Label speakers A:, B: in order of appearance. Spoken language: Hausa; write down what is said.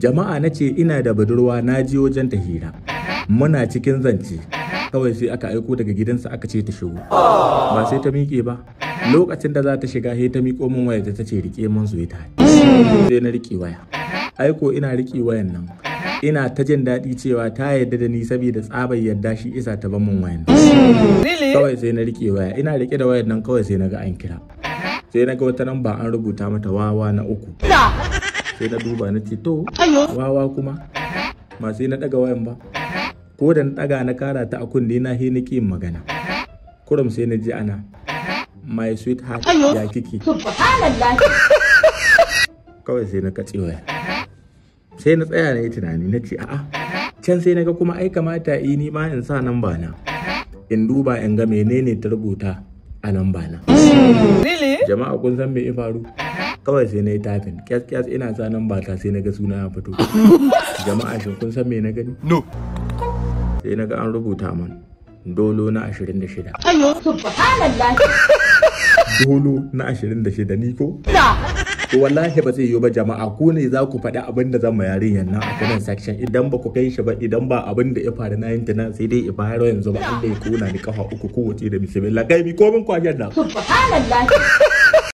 A: jama'a na ce ina da budurwa na ji wajen ta hira muna cikin zance kawai sai aka aiko daga gidansa aka ce ta shigo ba sai ta miƙe ba lokacin da za ta shiga sai ta miƙo min waya ta ce rike mun zuwa ita. sai na rike waya aiko ina rike wayan nan ina ta jin daɗi cewa ta yarda da ni saboda tsabar yarda shi isa ta ban min wayan kawai sai na rike waya ina riƙe da wayan nan kawai sai na ga an kira sai na ga wata nan ba an rubuta mata wawa na uku sai na duba na ce to wawa kuma ma sai na daga wayan ba ko da na daga na kara ta a kunne na he ni kin magana kurum sai na ji ana my sweet heart ya kiki kawai sai na katse waya sai na tsaya na yi tunani na ce a'a can sai na ga kuma ai kamata yi ni ma in sa nan na in duba in ga menene ta rubuta a nan na hmm. jama'a kun san me ya faru kawai sai na yi tafin kyas kyas ina sa nan ba ta sai na ga suna ya fito jama'a shi kun san me na gani no sai na ga an rubuta man dolo na 26
B: ayo subhanallah
A: dolo na 26 ni ko wallahi ba zai yi ba jama'a Ko ne za ku faɗi abin da zama yarinyar nan a kanan section idan ba ku kai shi ba idan ba abin da ya faru na yin tunan sai dai bayar yanzu ba Allah ya kona ni kafa uku kowace da bismillah kai mi komin kwashen nan
B: subhanallah